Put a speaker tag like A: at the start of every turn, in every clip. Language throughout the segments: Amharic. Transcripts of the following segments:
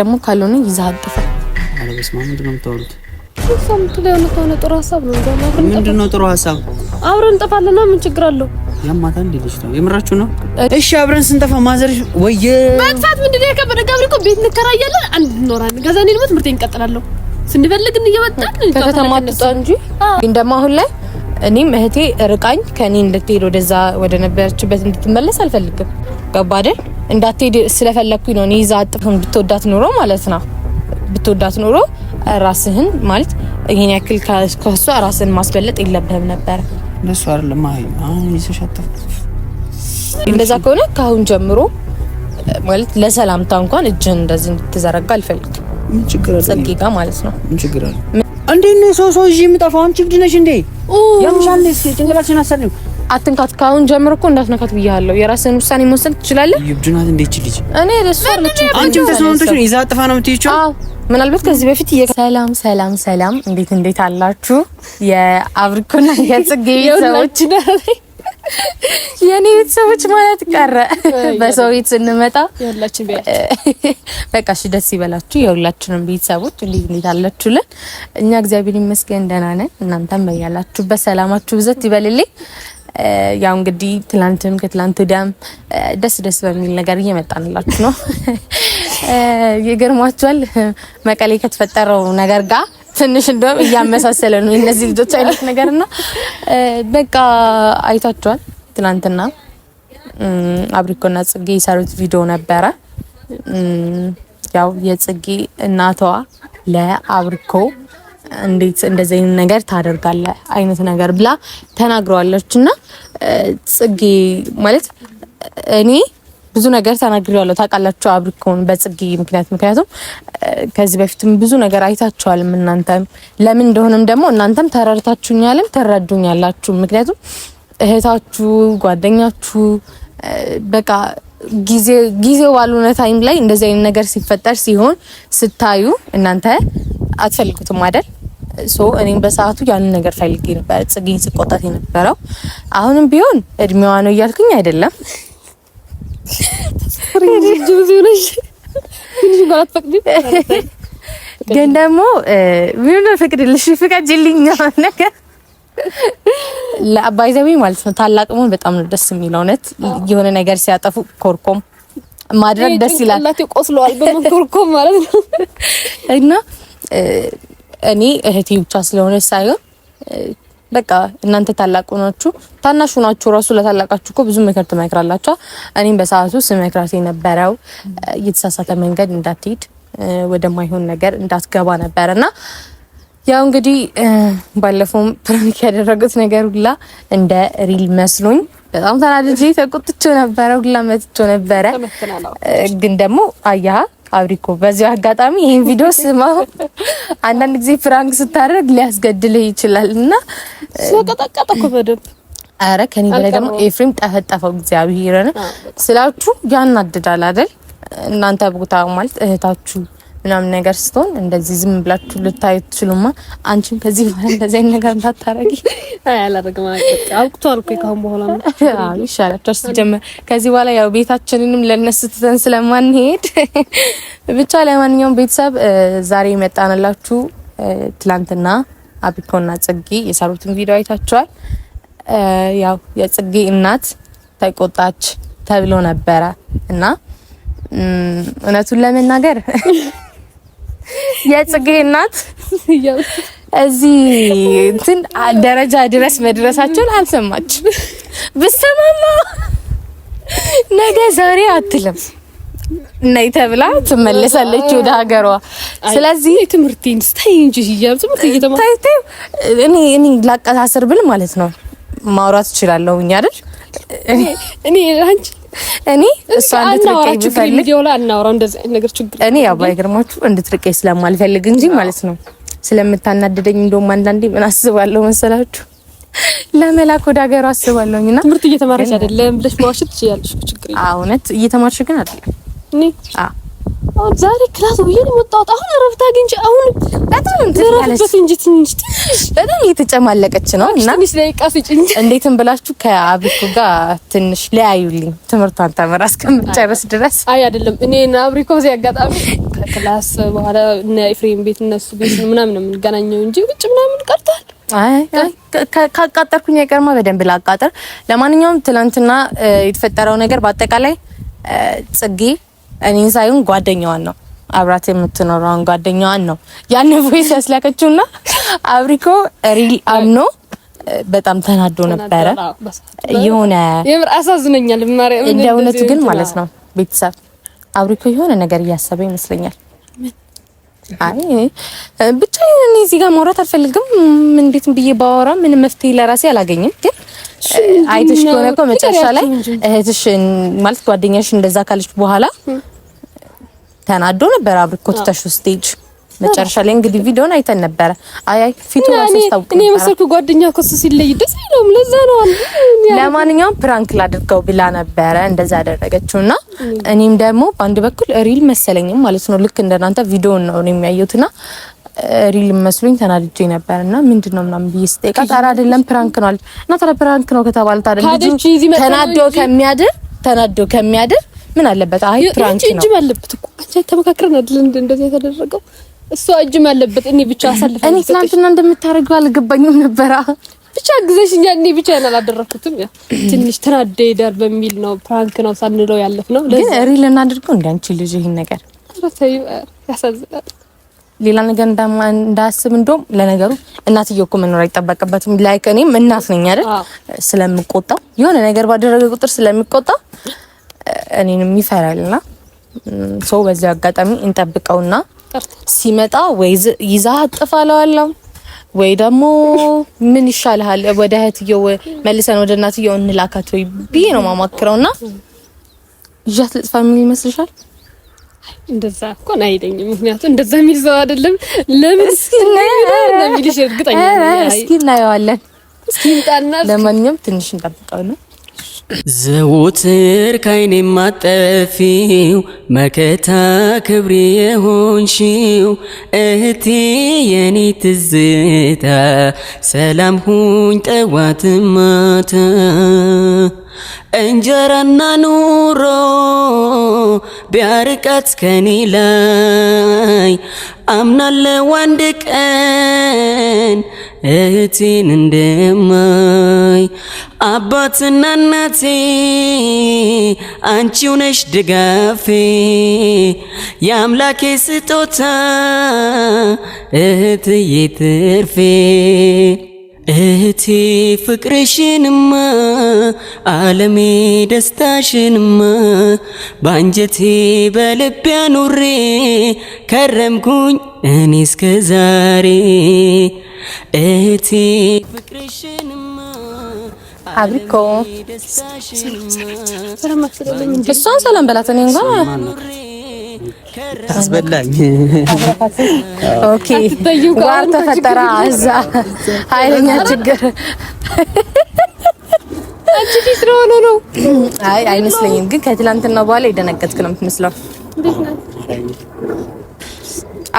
A: ደግሞ ካልሆነ ይዘህ ጥሩ ሀሳብ አብረን እንጠፋለና ምን ችግር አለው?
B: ያማታ እንዴ ልጅ ነው የምራችሁ ነው? እሺ አብረን ስንጠፋ ማዘርሽ ወየ
A: መጥፋት ምንድን ነው የከበደ? ገብሪ እኮ ቤት እንከራያለን፣ አንድ እንኖራለን። ከዛ እኔ ልሞት ምርቴን እንቀጥላለሁ። ስንፈልግ እየመጣን ከከተማ ትጣ እንጂ ግን ደግሞ አሁን ላይ እኔም እህቴ ርቃኝ ከእኔ እንድትሄድ ወደዛ ወደ ነበረችበት እንድትመለስ አልፈልግም። ገባ አይደል? እንዳትሄድ ስለፈለግኩኝ ነው። እኔ ይዛ አጥፍን ብትወዳት ኑሮ ማለት ነው ብትወዳት ኑሮ ራስህን ማለት ይህን ያክል ከሷ ራስህን ማስበለጥ የለብህም ነበር።
B: እንደሱ አይደለም አሁን
A: እንደዛ ከሆነ ከአሁን ጀምሮ ማለት ለሰላምታ እንኳን እጅህን እንደዚህ እንድትዘረጋ አልፈልግም። ምን ችግር አለ? ጽጌ ጋር ማለት ነው።
B: ምን ችግር አለ? እንዴት ነው ሰው ሰው እዚህ የምጠፋው? አንቺ እብድ ነሽ እንዴ? ያምሻል ነው ጭንቅላችን አሰር ነው
A: አትንካት። ካሁን ጀምሮ እኮ እንዳትነካት ብያለሁ። የራስን ውሳኔ መወሰን ትችላለህ።
B: ይብጁናት እንዴት ልጅ እኔ ለሱ አለችኝ። አንቺም ተስማምቶሽ ነው ይዛ አጥፋ ነው የምትይችው።
A: አዎ ምናልባት ከዚህ በፊት ሰላም ሰላም ሰላም፣ እንዴት እንዴት አላችሁ የአብሪኮና የጽጌ ሰዎች የኔ ቤተሰቦች ማለት ቀረ። በሰው ቤት ስንመጣ በቃ እሺ፣ ደስ ይበላችሁ። የሁላችንም ቤተሰቦች እንዴት እንዴት አላችሁልን? እኛ እግዚአብሔር ይመስገን ደህና ነን። እናንተም በያላችሁበት ሰላማችሁ ብዘት ይበልልኝ። ያው እንግዲህ ትላንትም ከትላንት ደም ደስ ደስ በሚል ነገር እየመጣንላችሁ ነው። ይገርማችኋል መቀሌ ከተፈጠረው ነገር ጋር ትንሽ እንደውም እያመሳሰለ ነው እነዚህ ልጆች አይነት ነገር እና በቃ አይታችኋል። ትላንትና አብሪኮና ጽጌ የሰሩት ቪዲዮ ነበረ። ያው የጽጌ እናቷ ለአብሪኮ እንዴት እንደዚህ ነገር ታደርጋለ አይነት ነገር ብላ ተናግረዋለች። እና ጽጌ ማለት እኔ ብዙ ነገር ተናግሬዋለሁ ታውቃላችሁ፣ አብሪኮን በጽጌ ምክንያት ምክንያቱም ከዚህ በፊትም ብዙ ነገር አይታችኋልም እናንተም ለምን እንደሆነም ደግሞ እናንተም ተረድታችሁኛልም ተረዱኛላችሁ። ምክንያቱም እህታችሁ ጓደኛችሁ በቃ ጊዜ ጊዜው ባልሆነ ታይም ላይ እንደዚህ አይነት ነገር ሲፈጠር ሲሆን ስታዩ እናንተ አትፈልጉትም አይደል? ሶ እኔም በሰዓቱ ያንን ነገር ፈልጌ ነበር ጽጌን ስቆጣት የነበረው። አሁንም ቢሆን እድሜዋ ነው እያልኩኝ አይደለም። ግን ደግሞ ምን ፈቅድልሽ ፍቃጅልኝ ነገር ለአባይዘዊ ማለት ነው። ታላቅ መሆን በጣም ነው ደስ የሚለው። እውነት የሆነ ነገር ሲያጠፉ ኮርኮም ማድረግ ደስ ይላል። ቆስለዋል በመኮርኮም ማለት ነው እና እኔ እህቴ ብቻ ስለሆነ ሳይሆን በቃ እናንተ ታላቁ ናችሁ፣ ታናሹ ናችሁ። ራሱ ለታላቃችሁ እኮ ብዙ ምክር ትመክራላችሁ። እኔም በሰዓቱ ስመክራት የነበረው እየተሳሳተ መንገድ እንዳትሄድ ወደማይሆን ነገር እንዳትገባ ነበር እና ያው እንግዲህ ባለፈውም ፕራንክ ያደረጉት ነገር ሁላ እንደ ሪል መስሎኝ በጣም ተናድጄ ተቆጥቼ ነበረ፣ ሁላ መትቼ ነበረ። ግን ደግሞ አያ አብሪኮ በዚሁ አጋጣሚ ይሄን ቪዲዮ ስማው። አንዳንድ ጊዜ ፍራንክ ስታደርግ ሊያስገድልህ ይችላል እና ስለቀጠቀጠ በደንብ አረ ከኔ በላይ ደግሞ ኤፍሬም ጠፈጠፈው። እግዚአብሔርን ስላችሁ ያናድዳል አይደል? እናንተ ቦታ ማለት እህታችሁ ምናምን ነገር ስትሆን እንደዚህ ዝም ብላችሁ ልታዩ ትችሉማ። አንቺም ከዚህ በኋላ እንደዚህ አይነት ነገር እንዳታረጊ። አላረግም አውቅቷል እኮ ካሁን በኋላ ይሻላል። ደርስ ጀመር ከዚህ በኋላ ያው ቤታችንንም ለነሱ ትተን ስለማንሄድ ብቻ። ለማንኛውም ቤተሰብ ዛሬ መጣንላችሁ። ትላንትና አቢኮና ጽጌ የሰሩትን ቪዲዮ አይታችኋል። ያው የጽጌ እናት ተቆጣች ተብሎ ነበረ እና እውነቱን ለመናገር የጽጌ እናት እዚህ እንትን ደረጃ ድረስ መድረሳቸውን አልሰማችም። ብሰማማ ነገ ዛሬ አትልም። ነይ ተብላ ትመለሳለች ወደ ሀገሯ። ስለዚህ ትምህርቴን ስታይ እንጂ ይያብ ትምህርት እኔ እኔ ላቀሳስር ብል ማለት ነው ማውራት እችላለሁ አይደል እኔ አንቺ እኔ እሷ እንድትርቀኝ ብፈልግ እኔ ያው ባይገርማችሁ እንድትርቀኝ ስለማልፈልግ እንጂ ማለት ነው ስለምታናደደኝ እንደውም አንዳንዴ ምን አስባለሁ መሰላችሁ ለመላክ ወደ ሀገሩ አስባለሁ እና ትምህርት እየተማረች አይደለም ብለሽ መዋሸት ትችያለሽ። እውነት እየተማርሽ ግን አይደለም። ዛሬ ክላስ ብዬ ነው የወጣሁት። አሁን እረፍት አግኝቼ አሁን በጣም ትረፍበት እንጂ ትንሽ በጣም እየተጨማለቀች ነው እና እንዴትም ብላችሁ ከአብሪኮ ጋር ትንሽ ለያዩልኝ ትምህርቷን ተምራ እስከምትጨርስ ድረስ። አይ አይደለም እኔ እና አብሪኮ እዚህ አጋጣሚ ከክላስ በኋላ እነ ኤፍሬም ቤት እነሱ ቤት ምናምን የምንገናኘው እንጂ ውጭ ምናምን ቀርቷል። ካቃጠርኩኝ አይቀርማ በደንብ ላቃጠር። ለማንኛውም ትናንትና የተፈጠረው ነገር በአጠቃላይ ጽጌ እኔን ሳይሆን ጓደኛዋን ነው አብራት የምትኖረውን ጓደኛዋን ነው ያን ቮይስ ያስላከችው እና አብሪኮ ሪል አምኖ በጣም ተናዶ ነበረ። የሆነ የምር አሳዝነኛል። እንደ እውነቱ ግን ማለት ነው ቤተሰብ አብሪኮ የሆነ ነገር እያሰበ ይመስለኛል። አይ ብቻ እኔ እዚህ ጋር ማውራት አልፈልግም። እንዴት ብዬ ባወራ ምን መፍትሄ ለራሴ አላገኝም ግን አይተሽ ከሆነ እኮ መጨረሻ ላይ እህትሽ ማለት ጓደኛሽ እንደዛ ካለች በኋላ ተናዶ ነበር አብርኮ እኮ ስቴጅ መጨረሻ ላይ እንግዲህ ቪዲዮን አይተን ነበረ። አይ አይ ፊቱ ያስተውቅ እኔ መሰልኩ ጓደኛ ኮስ ሲለይ ደስ ይለውም ለዛ ነው አንዴ። ለማንኛውም ፕራንክ ላድርገው ብላ ነበረ እንደዛ ያደረገችውና እኔም ደግሞ በአንድ በኩል ሪል መሰለኝም ማለት ነው ልክ እንደናንተ ቪዲዮን ነው የሚያዩትና ሪል መስሎኝ ተናድጄ ነበር እና ምንድን ነው ምናምን ብዬ ስጠይቃት ኧረ አይደለም ፕራንክ ነው አለች። እና ታዲያ ፕራንክ ነው ከተባለ ታዲያ ተናዶ ከሚያድር ተናዶ ከሚያድር ምን አለበት? አይ ፕራንክ ነው እጅም አለበት እኮ ተመካክረን አይደል እንደዚህ የተደረገው። እሷ እጅም አለበት። እኔ ብቻ አሳልፈ እኔ ትናንትና እንደምታደርገው አልገባኝም ነበረ። ብቻ ግዘሽኛ እኔ ብቻ ብቻዬን አላደረኩትም። ያው ትንሽ ተናደ ይደር በሚል ነው ፕራንክ ነው ሳንለው ያለፍ ነው። ግን ሪል እናድርገው እንዳንቺ ልጅ ይሄን ነገር ያሳዝናል። ሌላ ነገር እንዳስብ እንደውም ለነገሩ እናትዬ እኮ መኖር አይጠበቅበትም። ላይክ እኔም እናት ነኝ አይደል? ስለምቆጣ የሆነ ነገር ባደረገ ቁጥር ስለሚቆጣ እኔንም ይፈራልና ሰው በዚህ አጋጣሚ እንጠብቀውና ሲመጣ ወይ ይዛ አጥፋለዋለሁ ወይ ደግሞ ምን ይሻልሃል ወደ እህትየው መልሰን ወደ እናትየው እንላካት ወይ ብዬ ነው ማማክረውና ይዣት ልጥፋ የሚል ይመስልሻል? እንደዛ እንኳን አይለኝም። ምክንያቱም እንደዛ የሚል ሰው አይደለም። ለምን እስኪናየዋለን እርግጠኛ እስኪናየዋለን እስኪምጣና ለማንኛውም ትንሽ እንጠብቀው ነው ዘውትር ካይኔ ማጠፊው መከታ ክብሬ የሆንሽው እህቴ የኔ ትዝታ ሰላም ሁኝ ጠዋት ማታ እንጀራና ኑሮ ቢያርቃት ከኔ ላይ አምናለው አንድ ቀን እህቴን እንደማይ አባትና እናቴ አንቺው ነሽ ድጋፌ የአምላኬ ስጦታ እህትዬ ትርፌ እህቴ ፍቅርሽንማ አለሜ ደስታሽንማ ባንጀቴ በልቤ አኑሬ ከረምኩኝ እኔ እስከ ዛሬ እህቴ ፍቅርሽንማ አብሪኮ እሷን ሰላም በላት እኔ እንኳን አስበላኝ። ኦኬ ተፈጠረ። እዛ ኃይለኛ ችግር አንቺ ፊት ነው ነው። አይ አይመስለኝም፣ ግን ከትላንትና በኋላ የደነገጥክ ነው የምትመስለው።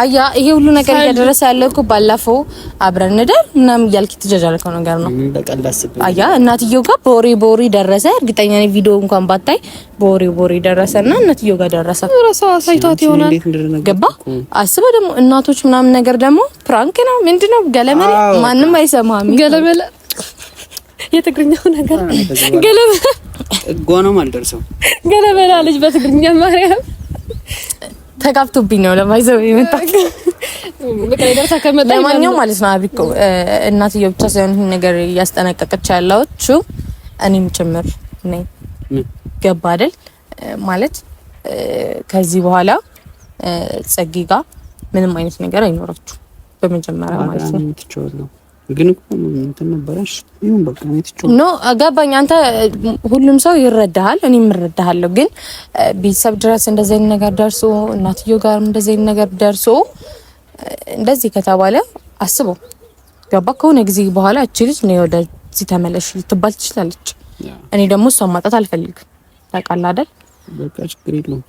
A: አያ ይሄ ሁሉ ነገር እያደረሰ ያለው እኮ ባለፈው አብረን እንደር ምናምን እያልክ ትጀጃልከው ነገር ነው። አያ እናትየው ጋር በወሬ በወሬ ደረሰ። እርግጠኛ ነኝ ቪዲዮ እንኳን ባታይ በወሬ በወሬ ደረሰና እናትየው ጋር ደረሰ። ራስዋ ሳይቷት ይሆናል ገባ። አስበ ደግሞ እናቶች ምናምን ነገር ደግሞ ፕራንክ ነው ምንድነው ገለመለ፣ ማንም አይሰማም ገለመለ የትግርኛው ነገር ገለመለ
B: እጓ ነው አልደርሰው
A: ገለመላ ልጅ በትግርኛ ማርያም ተጋብቶብኝ ነው ለማይዘው የመጣ ለማንኛውም ማለት ነው አቢ እናትዮ ብቻ ሳይሆን ይህን ነገር እያስጠነቀቀች ያለችው እኔም ጭምር ነኝ። ገባ አይደል? ማለት ከዚህ በኋላ ጸጊ ጋር ምንም አይነት ነገር አይኖራችሁ በመጀመሪያ ማለት
B: ነው። ግን እኮ እንትን ነበረሽ። ይሁን በቃ ነው ትጮ
A: ኖ ገባኝ። አንተ ሁሉም ሰው ይረዳሃል፣ እኔም እረዳሃለሁ። ግን ቤተሰብ ድረስ እንደዚህ አይነት ነገር ደርሶ እናትዮ ጋርም እንደዚህ አይነት ነገር ደርሶ እንደዚህ ከተባለ አስበው። ገባ ከሆነ ጊዜ በኋላ እቺ ልጅ ነው ወደዚህ ተመለሽ ልትባል ትችላለች። እኔ ደግሞ እሷን ማጣት አልፈልግም። ታውቃለህ አይደል?
B: በቃ ችግር የለውም።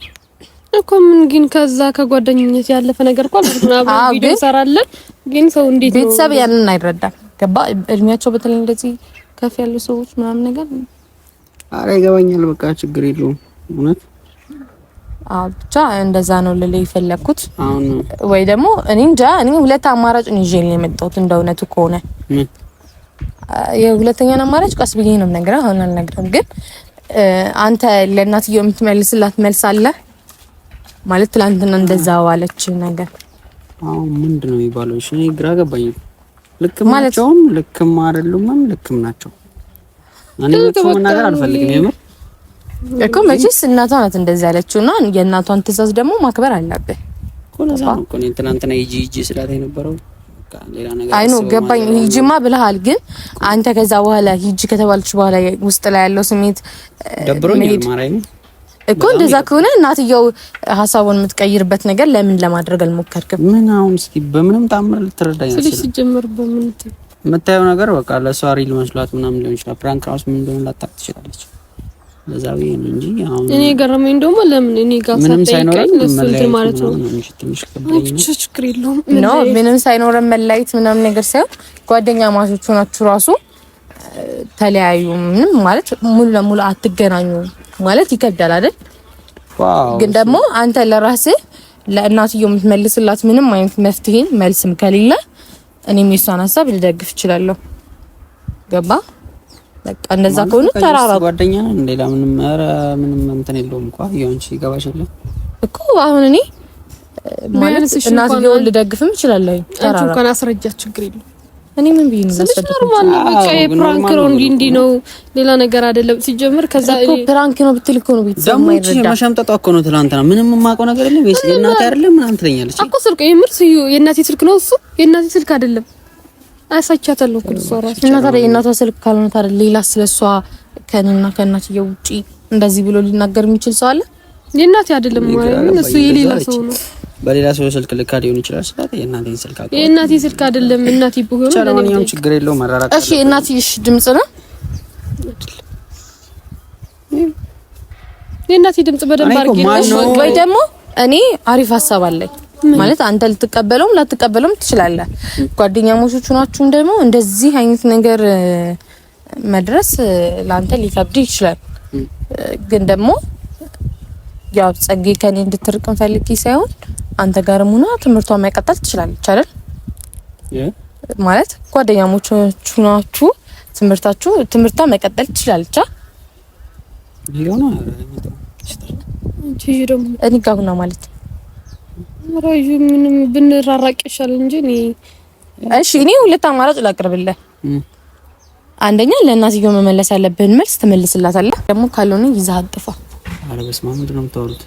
A: እኮ ምን ግን ከዛ ከጓደኝነት ያለፈ ነገር እኮ አብረን ቪዲዮ እንሰራለን። ግን ሰው እንዴት ነው ቤተሰብ ያንን አይረዳም። ገባ እድሜያቸው በተለይ እንደዚህ ከፍ ያሉ ሰዎች ምናምን ነገር
B: አረ ይገባኛል። በቃ ችግር የለውም እውነት
A: ብቻ እንደዛ ነው ልልህ የፈለግኩት። ወይ ደግሞ እኔ እንጃ እኔ ሁለት አማራጭ ነው ይዤ የመጣሁት እንደ እውነቱ ከሆነ የሁለተኛን አማራጭ ቀስ ብዬ ነው የምነግርህ፣ አሁን አልነግርህም። ግን አንተ ለእናትየው የምትመልስላት መልስ አለ ማለት ትላንትና እንደዛ ዋለች ነገር
B: አሁን ምንድን ነው የሚባለው? እሺ እኔ ግራ ገባኝ። ልክም ናቸውም ልክም አይደሉምም ልክም ናቸው። እኔ ነገር አልፈልግም የምር
A: እኮ መቼስ እናቷ ናት እንደዛ ያለችው እና የእናቷን ትእዛዝ ደግሞ ማክበር አለብህ
B: እኮ። ትናንትና ሂጂ ሂጂ ስላት የነበረው
A: አይኖ ገባኝ። ሂጂማ ብለሃል፣ ግን አንተ ከዛ በኋላ ሂጂ ከተባለች በኋላ ውስጥ ላይ ያለው ስሜት
B: ደብሮኛል ማራይ ነው
A: እኮ እንደዛ ከሆነ እናትየው ሀሳቡን የምትቀይርበት ነገር ለምን ለማድረግ አልሞከርክም?
B: ምን አሁን እስኪ በምንም ታምር ልትረዳኝ
A: ስልሽ ሲጀምር በምን
B: የምታየው ነገር በቃ ለእሷ ሪል መስሏት ምናምን ሊሆን ይችላል። ፕራንክ ራሱ ምን እንደሆነ ላታቅ ትችላለች። ለዛ ብዬሽ ነው እንጂ
A: አሁን እኔ ገረመኝ። ደግሞ ለምን እኔ ጋር ምንም ሳይኖረን ማለት ችግር የለውም ነው ምንም ሳይኖረን መለያየት ምናምን ነገር ሳይሆን ጓደኛ ማሾቹ ናችሁ ራሱ ተለያዩ ምንም ማለት ሙሉ ለሙሉ አትገናኙ ማለት ይከብዳል አይደል? ግን ደግሞ አንተ ለራስህ ለእናትየው የምትመልስላት ምንም አይነት መፍትሄን መልስም ከሌለ እኔም የሷን ሀሳብ ልደግፍ እችላለሁ። ገባ? በቃ እንደዛ ከሆነ ተራራ
B: ጓደኛ ነን። ሌላ ምንም ኧረ ምንም እንትን የለውም እኮ ያንቺ ይገባሻል
A: እኮ አሁን እኔ ማለት እናትየውን ልደግፍም እችላለሁ። ተራራ እንኳን አስረጃት ችግር የለውም እኔ ምን ብዬ ነው ኖርማል ነው በቃ የፕራንክ ነው እንዲህ እንዲህ ነው ሌላ ነገር አይደለም። ሲጀምር ከዛ እኮ ፕራንክ ነው ብትል እኮ ነው
B: ቤተሰብ የማይረዳ ደግሞ መሸምጠጧ እኮ ነው። ትናንትና ምንም የማውቀው ነገር የለም ወይስ የእናቴ አይደለም ምናምን ትለኛለች
A: እኮ ስልክ የምር ስዩ የእናቴ ስልክ ነው እሱ የእናቴ ስልክ አይደለም። አሳቻታለሁ እኮ እሷ እራሱ እና ታዲያ የእናቷ ስልክ ካልሆነ ታዲያ ሌላ ስለሷ ከእኔና ከእናትዬ ውጪ እንደዚህ ብሎ ሊናገር የሚችል ሰው አለ? የእናቴ አይደለም ማለት ነው እሱ የሌላ ሰው ነው።
B: በሌላ ሰው ስልክ ልካ ሊሆን ይችላል። ስላት የእናቴን ስልክ አቆ
A: የእናቴ ስልክ አይደለም እናቴ ቢሆን
B: ለማንኛውም ችግር የለው መራራቅ።
A: እሺ እናቴ እሺ፣ ድምጽ ነው የእናቴ ድምጽ በደንብ አድርጌ ነው ወይ ደግሞ እኔ አሪፍ ሀሳብ አለኝ ማለት አንተ ልትቀበለውም ላትቀበለውም ትችላለህ። ጓደኛሞቹ ናችሁም ደግሞ እንደዚህ አይነት ነገር መድረስ ለአንተ ሊከብድ ይችላል ግን ደግሞ ያው ጸጌ ከኔ እንድትርቅ ፈልጊ ሳይሆን አንተ ጋርም ሆና ትምህርቷን መቀጠል ትችላለች አይደል? ማለት ጓደኛሞቹ ናችሁ፣ ትምህርታችሁ ትምህርቷን መቀጠል ትችላለች። እኔ ጋር ሆና ማለት ራዩ ምንም ብንራራቅ ይሻል እንጂ እኔ እሺ፣ እኔ ሁለት አማራጭ ላቅርብልህ። አንደኛ ለእናትየው መመለስ ያለብህን መልስ ትመልስላታለህ። ደግሞ ካልሆነ ይዘህ አጥፋ
B: ኧረ በስመ አብ ምንድን ነው የምታወሩት?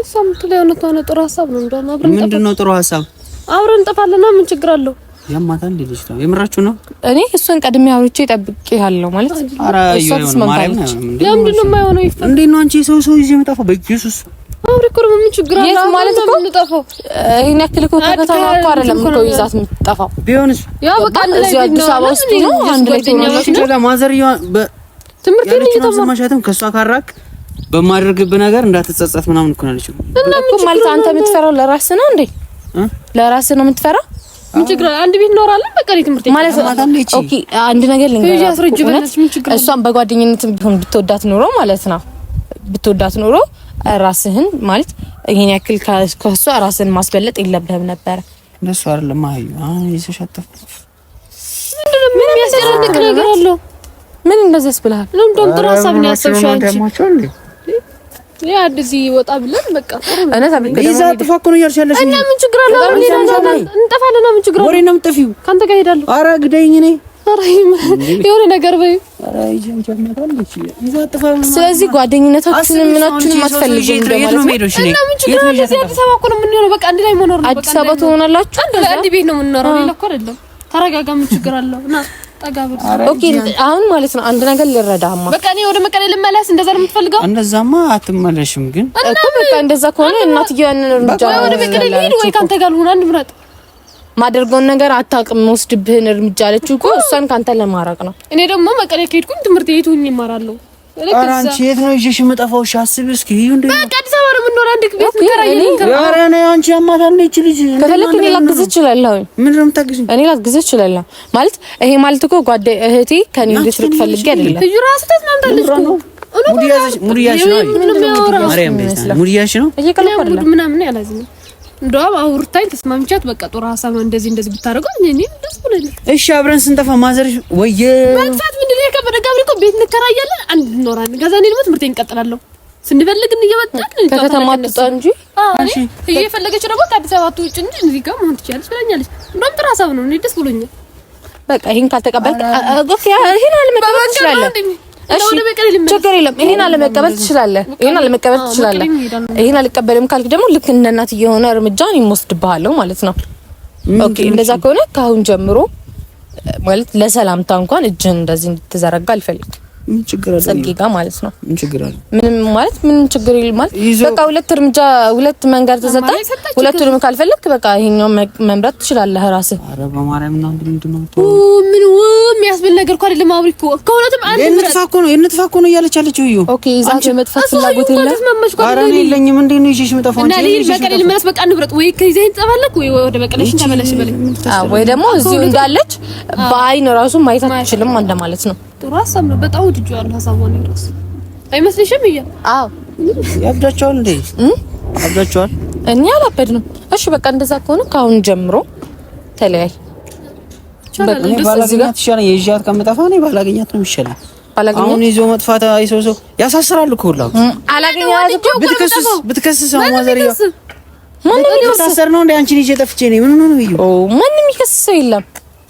A: እሷ የምትለው የሆነ ተሆነ ጥሩ ሀሳብ ነው። እንደውም
B: አብረን ምንድን ነው ጥሩ ሀሳብ
A: አብረን እንጠፋለና ምን ችግር አለው?
B: ያማታል እንዴ ነው የምራችሁ ነው?
A: እኔ እሱን ቀድሜ አውርቼ ጠብቄ ያለው ማለት
B: ኧረ የሆነ ማለት ነው።
A: ለምንድን ነው የማይሆነው? ይፈታ
B: እንዴ ነው አንቺ ሰው ሰው ይዤ የምጠፋው በኢየሱስ
A: አብሬ እኮ ደግሞ ምን ችግር አለ? የት ማለት ነው ምን የምንጠፋው? ይሄን ያክል እኮ ተከታታይ እኮ አይደለም እኮ ይዛት የምትጠፋው ቢሆንስ፣ ያው በቃ እዚህ አዲስ አበባ ውስጥ ነው አንድ ላይ ትሆናለች።
B: ማዘር ትምህርት ቤት እየተማረች ከእሷ ካራክ በማደርግብህ ነገር እንዳትጸጸት ምናምን እኮ ነው
A: እና እኮ ማለት አንተ የምትፈራው ለራስህ ነው እንዴ? ለራስህ ነው የምትፈራው? ምን ችግር አለ? አንድ ቤት እንኖራለን። በቃ ትምህርት ማለት ኦኬ። አንድ ነገር ልንገርህ፣ እሷን በጓደኝነትም ቢሆን ብትወዳት ኖሮ ማለት ነው ብትወዳት ኖሮ ራስህን ማለት ይሄን ያክል ከሷ ራስህን ማስበለጥ የለብህም ነበር።
B: እንደሱ አይደለም አዩ። አሁን ይሰሻጠፍ
A: ምን የሚያስጨንቅ ነገር አለው? ምን እንደዚህ ያስብልሃል? ለምን ጥሩ ሀሳብ ነው ያሰብሽው አንቺ እንደዚህ ወጣ ብለን በቃ እና ምን ችግር አለው? እንጠፋለን። ምን ችግር አለው? ወሬ ነው ከአንተ ጋር እሄዳለሁ።
B: ኧረ ግደኝ። እኔ
A: የሆነ ነገር በይው። ስለዚህ ጓደኝነታችንን ምናችንም አትፈልጉም አዲስ አበባ ትሆናላችሁ። አንድ ቤት ነው የምንኖረው። ተረጋጋ። ምን ችግር አለው? አሁን ማለት ነው አንድ ነገር ልረዳማ። በቃ እኔ ወደ መቀሌ ልመለስ። እንደዛ ነው የምትፈልገው?
B: እንደዛማ አትመለሽም። ግን
A: እኮ በቃ እንደዛ ከሆነ እናትዬው ያንን እርምጃ ወደ መቀሌ ልሂድ ወይ ካንተ ጋር ልሆን፣ አንድ ምረጥ። ማደርገውን ነገር አታውቅም። ወስድብህን እርምጃ አለችው እኮ እሷን ካንተ ለማራቅ ነው። እኔ ደግሞ መቀሌ ከሄድኩኝ ትምህርት ቤት ሆኜ እማራለሁ
B: ኧረ አንቺ የት ነው ይዤሽ የምጠፋው? እሺ አስቢ እስኪ።
A: በቃ አዲስ አበባ ነው የምንኖር። አንድ ቤት እችላለሁ ማለት ይሄ ማለት እኮ ጓደኛ እህቴ ከኔ ልትርቅ ፈልጌ አይደለም። እራሱ ነው እንደውም አውርታኝ ተስማምቻት በቃ ጥሩ ሀሳብ እንደዚህ እንደዚህ ብታደርገው እኔ ደስ ብሎኛል።
B: እሺ አብረን ስንጠፋ ማዘርሽ ወየ
A: ማጥፋት ምንድን ነው የከበደ ጋብሪ እኮ ቤት እንከራያለን፣ አንድ እንኖራለን። ከዛ እኔ ደግሞ ትምህርቴን እቀጥላለሁ። ስንፈልግ እየመጣን ከከተማ ትጣ እንጂ እየፈለገችው ደግሞ ከአዲስ አበባ ትውጭ እንጂ እዚህ ጋር መሆን ትችላለች ብላኛለች። እንደውም ጥሩ ሀሳብ ነው፣ እኔ ደስ ብሎኛል። በቃ ይሄን ካልተቀበልክ ኦኬ፣ ይሄን አልመጣም ትችላለህ ችግር የለም። ይሄን አለመቀበል ትችላለህ፣ ይሄን አለመቀበል ትችላለህ። ይሄን አልቀበልም ካልክ ደግሞ ልክ እንደ እናት የሆነ እርምጃ ማለት ነው። ኦኬ፣ እንደዛ ከሆነ ከአሁን ጀምሮ ማለት ለሰላምታ እንኳን እጅን እንደዚህ እንድትዘረጋ አልፈልግም። ምን ችግር ጽጌ ጋር ማለት ነው። ምን ችግር አለ? ምንም ማለት ምን ችግር ይል ማለት በቃ ሁለት እርምጃ ሁለት መንገድ ተሰጣ። ሁለቱንም ካልፈለክ በቃ ይሄኛው መምረጥ ትችላለህ ራስህ።
B: አረ በማርያም እና
A: ኦ ምን ወ የሚያስብል ነገር እኮ አይደለም። አብሪ ከሁለቱም
B: አንድ ምን እኮ ነው የእንትሳ እኮ ነው እያለች ያለችው እዩ።
A: ኦኬ ይዛት የመጥፋት ፍላጎት የለም።
B: ኧረ እኔ የለኝም። እንዴት ነው ይዤሽ የምጠፋው?
A: እና ልሂድ መቀሌ ልመለስ። በቃ ንብረት ወይ ከዚህ ትጠፋለህ ወይ ወደ መቀሌሽ ተመለሽ በለኝ ወይ ደግሞ እዚሁ እንዳለች በአይን ራሱ ማየት አትችልም እንደማለት ነው። ጥሩ ሀሳብ ነው። በጣም ወድጄዋለሁ ነው እራሱ አይመስልሽም? እያ አዎ፣
B: ያብዳቸዋል እንዴ? ያብዳቸዋል።
A: እኔ አላበድንም። እሺ በቃ እንደዛ ከሆነ ከአሁን ጀምሮ ተለያይ።
B: እኔ ባላገኛት ይሻላል። የይዣት ከምጠፋ እኔ ባላገኛት ነው የሚሻለው። አሁን ይዞ መጥፋት አይሰው ሰው ያሳስራል እኮ ሁላ ብትከስስ ብትከስስ አማዘሪያ ማንም ይከስስ ነው እንደ አንቺን ይዤ ጠፍቼ ነው ምን ነው ነው
A: ይዩ ማንም ይከስሰው የለም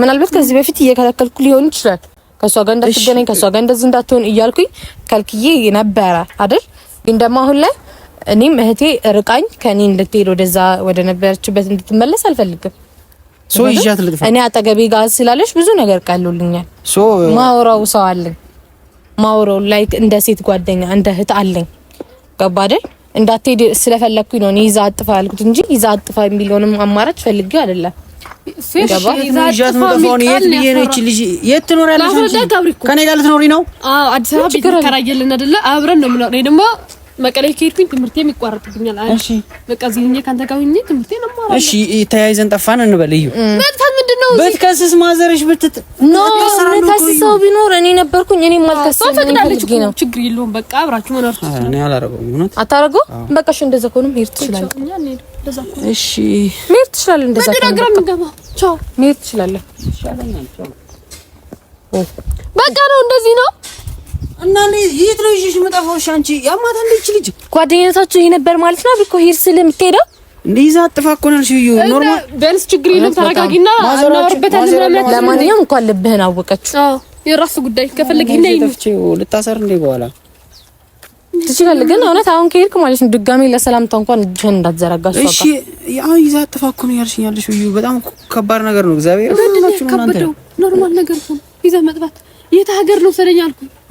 A: ምናልባት ከዚህ በፊት እየከለከልኩ ሊሆን ይችላል ከእሷ ጋር እንዳትገናኝ ከእሷ ጋር እንደዚህ እንዳትሆን እያልኩኝ ከልክዬ ነበረ አይደል። ግን ደግሞ አሁን ላይ እኔም እህቴ ርቃኝ ከኔ እንድትሄድ ወደዛ ወደ ነበረችበት እንድትመለስ አልፈልግም።
B: ሶ ይዣት ልጥፋ
A: እኔ አጠገቤ ጋር ስላለች ብዙ ነገር ቀሉልኛል። ሶ ማውራው ሰው አለኝ ማውራው ላይ እንደ ሴት ጓደኛ እንደ እህት አለኝ። ገባ አይደል? እንዳትሄድ ስለፈለግኩኝ ነው እኔ ይዛ አጥፋ ያልኩት እንጂ ይዛ አጥፋ የሚለውንም አማራጭ ፈልጌ አይደለም።
B: የት ነው? አዲስ
A: አበባ ቤት እንከራያለን አይደለ? አብረን ነው የምንኖር። ደግሞ መቀሌ ከሄድኩኝ ትምህርቴም ይቋረጥብኛል። እሺ በቃ እዚህ ካንተ ጋር ሆኜ ነው እማራለሁ።
B: እሺ ተያይዘን ጠፋን እንበል። እዩ
A: መጥፋት ምንድን ነው?
B: ብትከስስ ማዘረሽ ብትት
A: ኖ ከስሰው ቢኖር እኔ ነበርኩኝ። እኔ ማልከስ ፈቅዳለች እኮ ችግር የለውም። በቃ አብራችሁ መኖር
B: ትችላላችሁ። እኔ አላረገውም። እውነት
A: አታረገው። በቃ እሺ፣ እንደዛ ከሆነ መሄድ ትችላለህ። እሺ መሄድ ትችላለህ። እንደዛ ከሆነ በቃ ቻው፣ መሄድ ትችላለህ። በቃ ነው እንደዚህ ነው
B: እና የት ነው ይዤሽ የምጠፋው? እሺ አንቺ ያማታ ልጅ
A: ጓደኝነታችሁ ይሄ ነበር ማለት ነው። ስል የምትሄደው
B: ይዛ አጥፋ እኮ ነው።
A: ኖርማል ችግር የለም ተረጋጊና፣ ለማንኛውም እንኳን ልብህን አወቀችው። አዎ የራሱ ጉዳይ
B: ልታሰር እንደ በኋላ
A: ትችላለህ። ግን እውነት አሁን ከሄድክ ማለት ነው ድጋሜ ለሰላምታ እንኳን እጅህን
B: እሺ ይዛ አጥፋ እኮ ነው በጣም ከባድ ነገር ነው። እግዚአብሔር
A: ኖርማል ነገር ነው። ይዛ መጥባት የት ሀገር ነው ሰደኛ አልኩኝ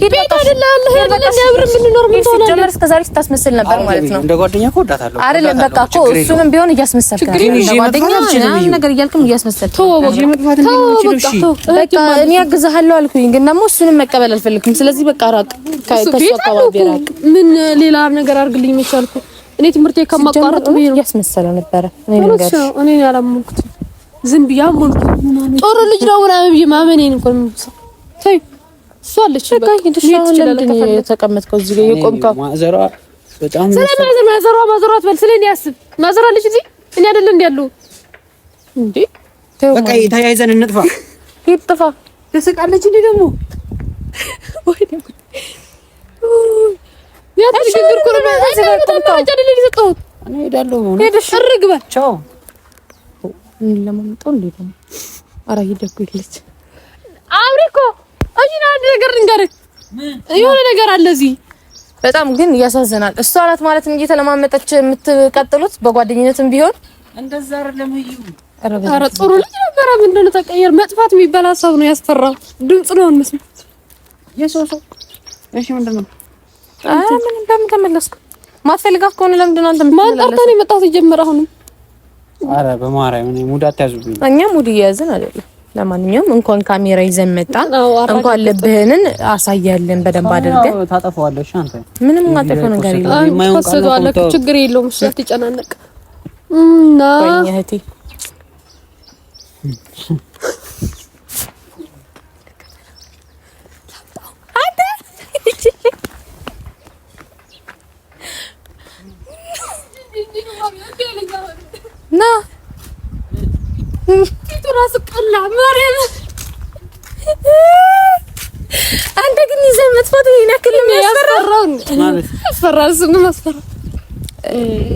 A: ቤት ስታስመስል ነበር ማለት ቢሆን እያስመሰልክ ነው። እኔ አግዝሃለሁ መቀበል አልፈልግም። ስለዚህ በቃ ራቅ፣ ምን ሌላ ነገር አድርግልኝ መቻልኩ። እኔ ትምህርቴ ከማቋረጥ ነው እያስመሰለ ነበረ። እኔ ያላመንኩት ዝም ብያ ሆንኩ። ጥሩ ልጅ ነው ምናምን ብዬሽ ማመኔን እንኳን ተይ እሷ አለች በቃ ሄድሽ። አሁን ለምን የተቀመጥከው እዚህ ጋር የቆምከው? ማዘሯ በጣም ስለማዘር ማዘሯ ማዘሯ አትበል። ስለኔ ያስብ ማዘሯ አለች እዚህ እኔ አይደለም እንዴ ያለው እንዴ
B: በቃ ተያይዘን እንጥፋ።
A: ሂድ ጥፋ። ትስቃለች እንዴ ደግሞ ያ ተሽግር ኩሩ አይደለም ሄደሽ እርግበ እኮ አጂና አንድ ነገር ልንገርህ፣ የሆነ ነገር አለ እዚህ በጣም ግን ያሳዝናል። እሷ አላት ማለት እንጂ ተለማመጠች የምትቀጥሉት በጓደኝነትም ቢሆን እንደዛ አይደለም። አረ ጥሩ ልጅ ነበረ። ምን እንደሆነ ተቀየር። መጥፋት የሚበላ ሰው ነው ያስፈራ። ድምጽ ነው መስማት የሶሶ እሺ ምንድን ነው? አይ ምን ለምን ተመለስኩ? ማትፈልጋት ከሆነ ለምንድን ነው አንተ ማጣጣ ነው የመጣሁት። ይጀምር አሁንም።
B: ኧረ በማርያም እኔ ሙድ አትያዙብኝ።
A: እኛ ሙድ እየያዝን አይደለም ለማንኛውም እንኳን ካሜራ ይዘን መጣ፣ እንኳን ልብህንን አሳያለን በደንብ አድርገን።
B: ታጠፋዋለሽ አንተ
A: ምንም ማጠፋው ነገር የለም። ችግር የለውም። እሱ አትጨናነቅ እና እህቴ ና ራሱ ቀላ ማርያም አንተ ግን ይዘህ መጥፋት ይሄን ያክል የሚያስፈራው ያስፈራል። እሱ ነው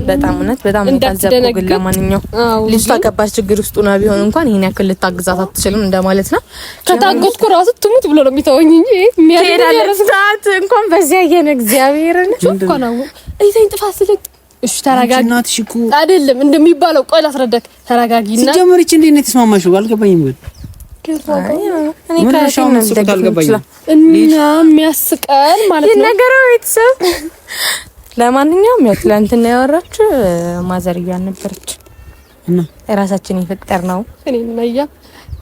A: በጣም እውነት በጣም እንዳልዘቁ ግን ለማንኛውም ልጅቷ ገባች ችግር ውስጥ ሆና ቢሆን እንኳን ይሄን ያክል ልታግዛት አትችልም እንደማለት ነው። ከታገዝኩ ራሱ ትሙት ብሎ ነው የሚተወኝ እንጂ የሚያደርግ ሰዓት እንኳን በዚያ የነ እግዚአብሔርን እንኳን አሁን አይተኝ ጥፋት ስለቅ እሺ ተረጋጊ። እናትሽ እኮ አይደለም እንደሚባለው ቆይ ላስረዳክ። ተረጋጊ። እና
B: ሲጀምርች እንዴት ነው የተስማማሽው? አልገባኝም ግን
A: እና ማለት ነው ነገሩ። ቤተሰብ ለማንኛውም ያው ትላንትና ያወራች ማዘርያ ነበረች እና የፈጠር ነው እኔ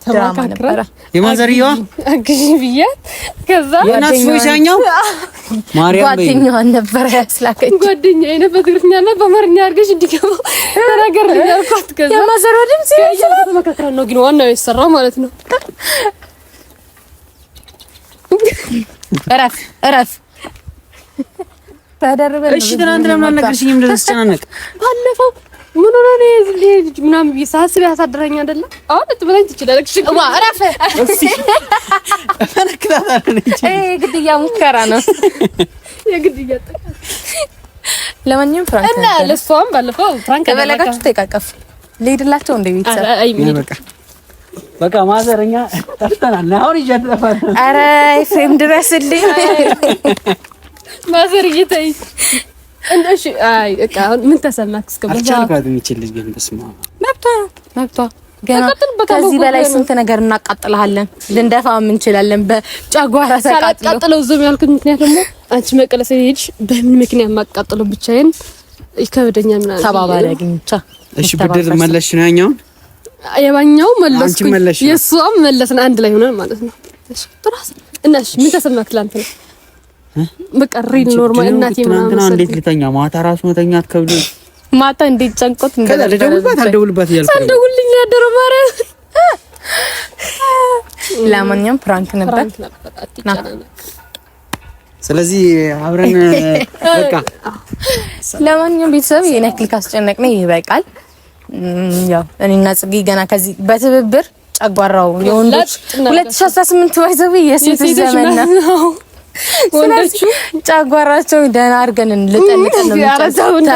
A: ድራማ ነበረ። የማዘርየዋ አግዢ ብያት ከዛ
B: ጓደኛው
A: ጓደኛዋን ነበረ ያስላከች ጓደኛዬ ነው በትግርኛ እና በአማርኛ አድርገሽ እንዲገባ ተናገርልኝ አልኳት። ከዛ የማዘርየዋ ድምፅ መካከል ነው ግን ዋናው የተሰራው ማለት ነው። እረፍ እረፍ ተደርበን እሺ። ትናንት ለምን አልነገርሽኝም? እንደዚህ ስጨናነቅ ባለፈው ምን ሆነ ነው እዚህ ልጅ ምናምን ብዬሽ ሳስብ ያሳድረኝ አይደለ? አሁን ልትበላኝ ትችላለች። የግድያ ሙከራ ነው። የግድያ ለማንኛውም ፍራንክ እና ለሷም ባለፈው ፍራንክ ተበለጋችሁ ተቃቀፉ። ልሄድላቸው እንደ ቤተሰብ
B: አይ በቃ በቃ ማዘረኛ ጠፍተናል። አሁን ይጀት ጠፋት።
A: ኧረ ድረስልኝ ማዘር እየተይ እንደሽ አይ እቃ አሁን ምን ተሰማክ? ገና ከዚህ በላይ ስንት ነገር እናቃጥልሃለን፣ ልንደፋም እንችላለን። በጨጓራ ሳላቃጥለው ዝም ያልኩት ምክንያት ደግሞ አንቺ መቀለ ስለሄድሽ በምን ምክንያት ማቃጥለው ብቻዬን ይከብደኛ ምናምን ተባባሪ አግኝቻ።
B: እሺ ብድር መለሽ ነው ያኛው
A: የባኛው መለስኩኝ፣ የእሷም መለስን አንድ ላይ ሆነን ማለት ነው። እሺ ጥራስ እናሽ ምን ተሰማክ ትላንት ነው በቃ ሪል ኖርማል እናቴ ምናምን እንዴት ልተኛ ማታ ራሱ ማታ እንዴት ጨንቆት
B: እንደዛ አልደውልባት
A: እያልኩ ለማንኛውም ፕራንክ ነበር።
B: ስለዚህ አብረን በቃ
A: ለማንኛውም ቤተሰብ የኔ ያክል ካስጨነቅ ነው ይበቃል። ያው እኔና ጽጌ ገና ከዚህ በትብብር ጨጓራው የወንዶች 2018 ባይዘው የሴቶች ዘመን ነው። ወንዶቹ ጨጓራቸው ደህና አድርገን ልጠልቀን ነው።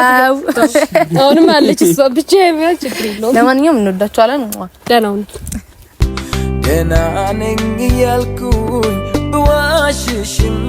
A: አሁንም አለች እሷ ብቻ የሚሆን ችግር የለውም። ለማንኛውም እንወዳችኋለን። ደህና ነኝ እያልኩኝ ብዋሽሽም